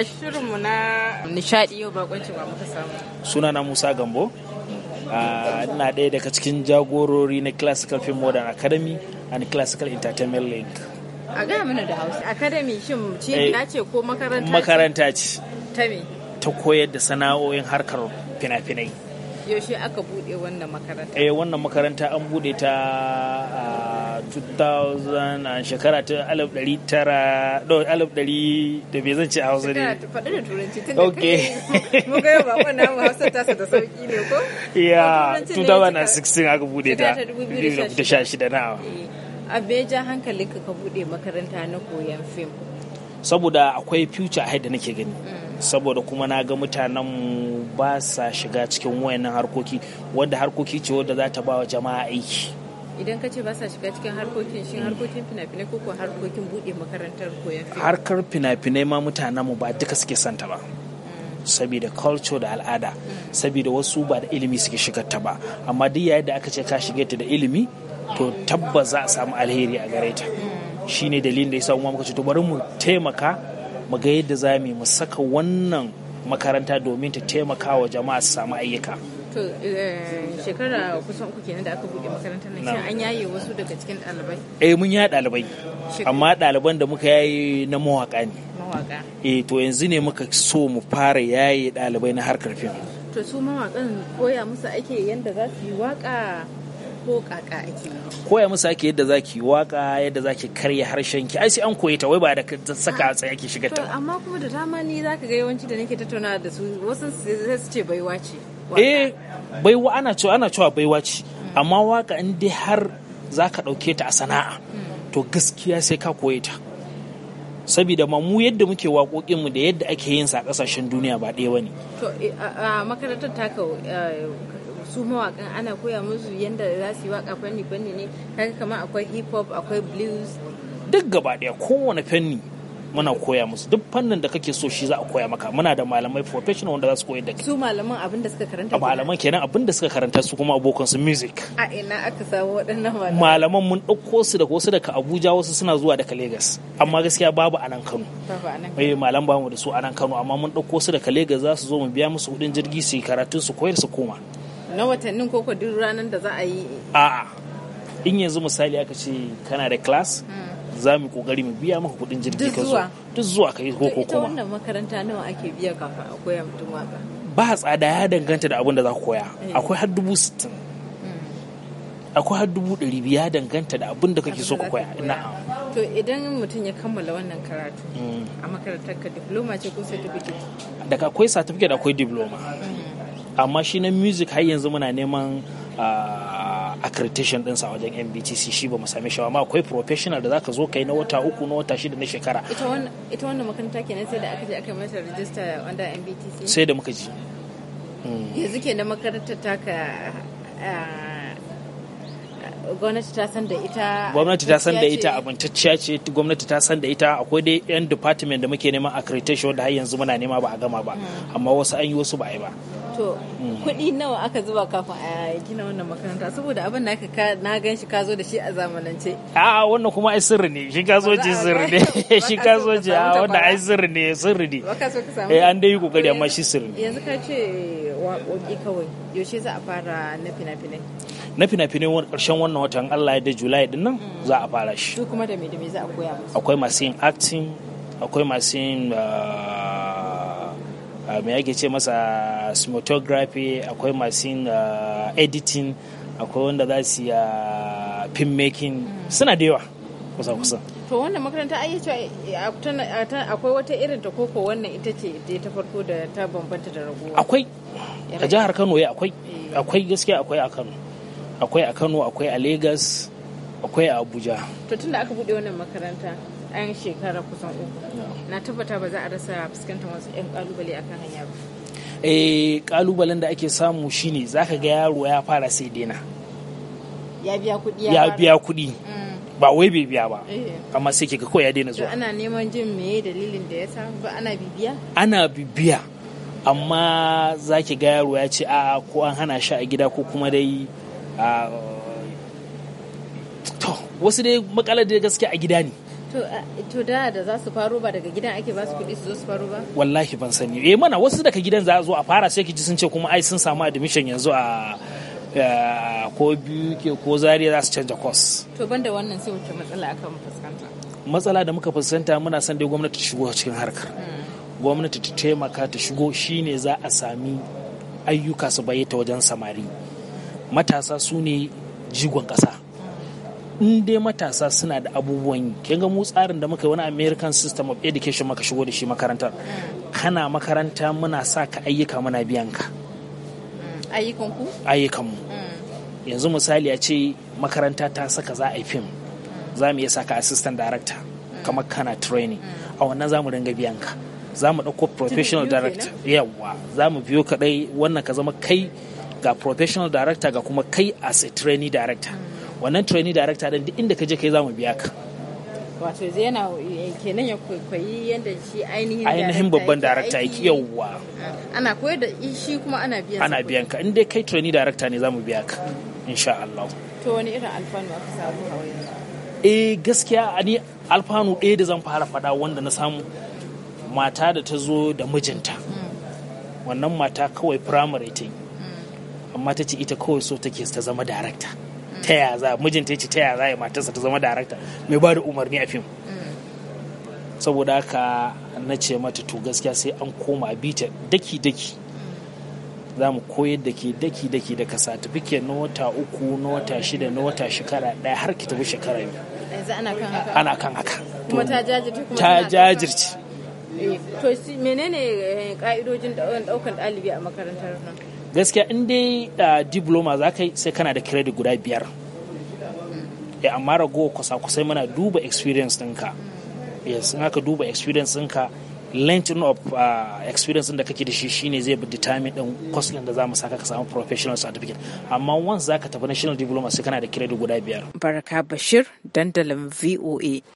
Ashirinmu na nishadi yau bakwancin ba muka samu. Suna na Musa Gambo. Ah, ina ɗaya daga cikin jagorori na Classical Film Modern Academy and Classical Entertainment League. A gaya mana da Hausa. Academy shin cibiya eh, ce ko makaranta ce? Makaranta ce. Ta me? Ta koyar da sana'o'in harkar fina-finai. Yaushe aka buɗe wannan makaranta? Eh wannan makaranta an buɗe ta ah, 2000 shekara ta tara no dari da bai zance a hausa ne faɗi da turanci tun da kai muka yau ok. hausa ta da sauki ne ko ya 2016 bude ta 2016 eh, abe ja hankalinka ka bude makaranta na koyan fim saboda akwai future ahead da nake gani mm. saboda kuma na ga mutanen ba sa shiga cikin wayannan harkoki wadda harkoki ce wadda za ta ba wa jama'a aiki idan ka ce ba sa shiga cikin harkokin shi harkokin fina-finai ko harkokin buɗe makarantar koyon harkar fina-finai ma mutanen mu ba duka suke santa ba mm. saboda culture da al'ada mm. saboda wasu ba da ilimi suke shigar ta ba amma duk yayin da aka ce ka shige ta da ilimi to tabbas za a samu alheri a gare ta mm. shine dalilin da yasa muka ce to bari mu taimaka mu ga yadda za mu saka wannan makaranta domin ta taimaka wa jama'a su samu ayyuka to eh, shekara kusan uku kenan da aka buɗe makarantar nan shin an yaye wasu daga cikin ɗalibai eh mun yaye ɗalibai amma ɗaliban da muka yaye na mawaka ne mawaka eh to yanzu ne muka so mu fara yaye ɗalibai na harkar fim to su mawakan koya musu ake yanda za su yi waka ko kaka ake koya musu ake yadda za ki waka yadda za ki karya harshen ki ai sai an koyi ta wai ba da ka saka a tsaye ki shiga ta amma kuma da dama ni za ka ga yawanci da nake tattauna da su wasu sai su ce baiwa ce eh baiwa ana cewa ana cewa baiwa ce amma waka in dai har zaka ka ɗauke ta a sana'a to gaskiya sai ka koye ta saboda ma mu yadda muke mu da yadda ake yin sa a ƙasashen duniya ba ɗaya bane to eh, a makarantar ka eh, su mawakan ana koya musu yadda za su yi waka fanni fanni ne kaga kamar akwai hip hop akwai blues duk gaba ɗaya kowane fanni muna koya musu duk fannin da kake so shi za a koya maka muna da malamai professional wanda za su koyar da kai su malaman abin da suka karanta malaman kenan abin da suka karanta su kuma abokan su music a ina aka samu waɗannan malaman malaman mun dauko su daga wasu daga Abuja wasu suna zuwa daga Lagos amma gaskiya babu a nan Kano eh malam ba mu da su a nan Kano amma mun dauko su daga Lagos za su zo mu biya musu kuɗin jirgi su yi karatun su koyar su koma na watannin koko duk ranar da za a yi a'a in yanzu misali aka ce kana da class mm. za mu kokari mu biya maka kuɗin jirgi ka zo duk zuwa ka yi ko kuma wannan makaranta nawa ake biya kafin a koya mutum waka? Ba tsada ya danganta da abin da za ku koya. Eh. Akwai har dubu sittin. Hmm. Akwai har dubu ɗari biya danganta da abin da kake so ka koya. To idan mutum ya kammala wannan karatu hmm. a makarantar ka diploma ce ko certificate? Daga akwai certificate akwai diploma. Hmm. Amma shi na music har yanzu muna neman ah, accreditation ɗinsa a wajen MBTC shi ba mu same shi amma akwai professional da zaka zo kai na wata uku na wata shida na shekara ita wannan makaranta kenan sai da aka je aka mata register under MBTC sai da muka ji hmm. yanzu kenan makarantar taka eh, gwamnati ta san da ita gwamnati ta san da ita abintacciya ce gwamnati ta san da ita akwai dai yan department da muke neman accreditation da har yanzu muna nema ba a gama ba hmm. amma wasu an yi wasu ba a yi ba to kuɗi nawa aka zuba kafin a gina wannan makaranta saboda abin da na gan shi ka zo da shi a zamanance a wannan kuma ai sirri ne shi ka zo ji sirri ne shi ka zo ji a wanda ai sirri ne sirri ne eh an dai yi kokari amma shi sirri ne yanzu ka ce waƙoƙi kawai yaushe za a fara na fina-finai na fina-finai ƙarshen wannan watan Allah ya da Julai din nan mm. za a fara shi. Su kuma da me da me za a koya musu? Akwai masu yin acting, akwai masu yin ah, Ah, me ake ce masa ah, smotography akwai masu ah, editing akwai wanda za su yi film making suna da yawa kusa kusa to wannan makaranta ai ce eh, akwai wata irin ta koko wannan ita ce ta farko da ta bambanta da ragowa akwai a jihar Kano ya eh, akwai eh. akwai gaskiya akwai a Kano akwai a Kano akwai a Lagos akwai a Abuja to tunda aka bude wannan makaranta ɗan shekara kusan uku na tabbata ba za a rasa fuskantar wasu 'yan kalubale akan hanya ba eh kalubalen da ake samu shine zaka ga yaro ya fara sai dena ya biya kudi ya biya kuɗi mm. ba wai bai biya ba eh. amma sai ke ko ya daina zuwa ana neman jin meye dalilin da ya sa ba ana bibiya ana bibiya amma za ki ga yaro ya ce a ko an hana shi a gida ko kuma dai a ah, wasu dai makalar da gaske a gida ne Eh, to da da za su faro ba daga gidan ake ba su kuɗi su zo su faro ba? Wallahi ban sani. Eh mana wasu daga gidan za a zo a fara sai ki ji sun ce kuma ai sun samu admission yanzu a ko biyu ke ko zariya za su canja course. To banda wannan sai wuce matsala aka fuskanta. Matsala da muka fuskanta muna son dai gwamnati ta shigo cikin harkar. Hmm. Gwamnati ta taimaka ta shigo shine za a sami ayyuka su bayyata wajen samari. Matasa su ne jigon kasa. in dai matasa suna da abubuwan yi ga mu tsarin da muka yi wani American system of education maka shigo da shi makarantar kana makaranta muna sa ka ayyuka muna biyan ka mm. ayyukan ku mu mm. yanzu misali a ce makaranta ta saka za a yi fim mm. za mu iya saka assistant director kamar kana training a wannan za mu ringa biyan ka za mu ɗauko professional director yawa za mu biyo kaɗai wannan ka zama kai ga professional director ga kuma kai as a trainee director wannan training director din duk inda ka je kai za mu biya ka wato yana kenan ya kwaikwayi yadda shi ainihin ainihin babban director yake yawwa ana koyar da shi kuma ana biyan ana biyan ka in dai kai training director ne za mu biya ka insha Allah to wani irin alfanu aka samu a wayan eh gaskiya ani alfanu ɗaya da zan fara faɗa wanda na samu mata da ta zo da mijinta mm. wannan mata kawai primary ta yi mm. amma ta ce ita kawai so take ta zama director ta ya za mijinta yace ta ya za matarsa ta zama darakta mai ba da umarni a fim saboda haka na ce mata to gaskiya sai an koma a bita daki daki za mu koyar da ke daki daki daga satifike na wata uku na wata shida na wata shekara daya har ki tafi shekara biyu ana kan haka kuma ta jajirce kuma ta jajirce eh, to menene ka'idojin eh, daukan ɗalibi a makarantar nan gaskiya in dai diploma za ka sai kana da credit guda biyar ya eh, amma ragowa kusa kusai muna duba experience ɗinka yes in aka duba experience ɗinka length of experience experience da kake da shi shine zai bi determine din course din da mu saka ka samu professional certificate amma once ka tafi national diploma sai kana da credit guda biyar baraka bashir dandalin VOA